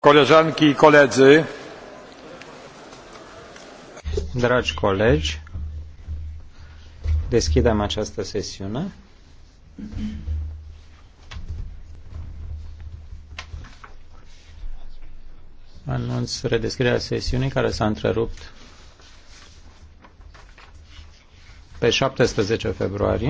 Koleżanki i koledzy. Dragi colegi, deschidem această sesiune. Anunț redeschiderea sesiunii care s-a întrerupt pe 17 februarie.